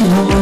you.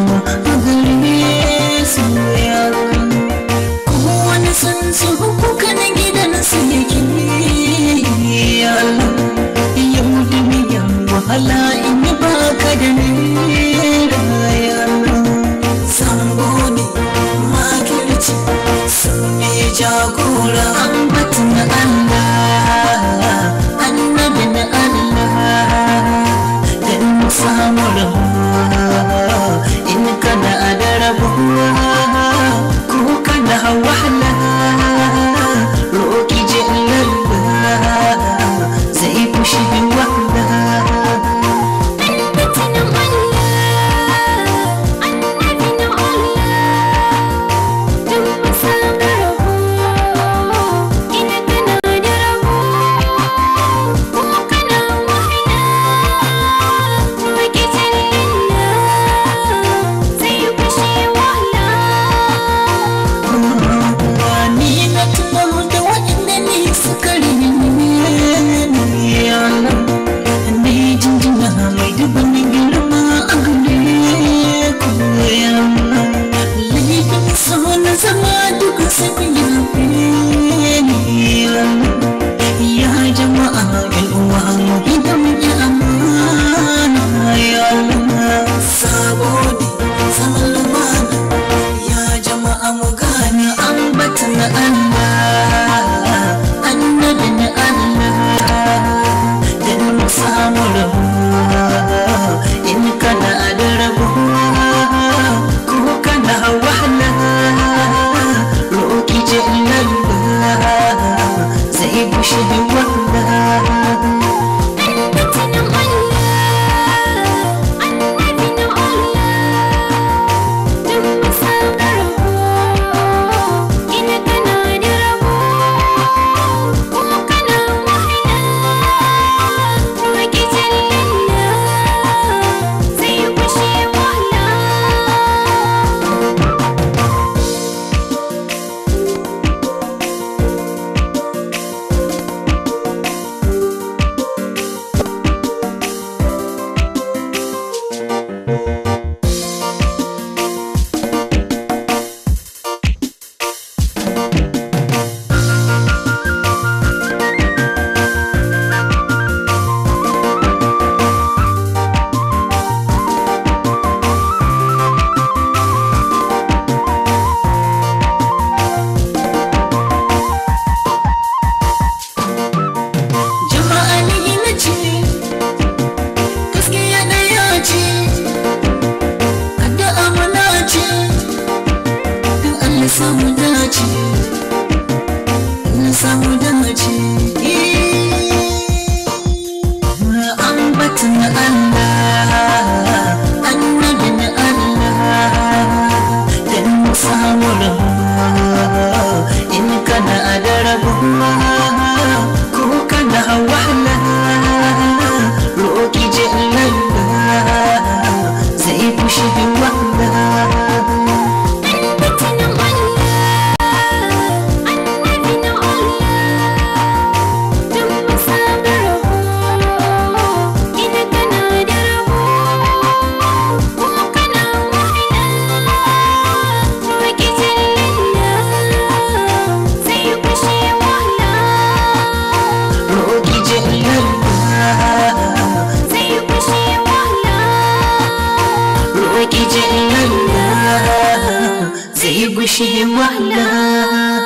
وشي وحده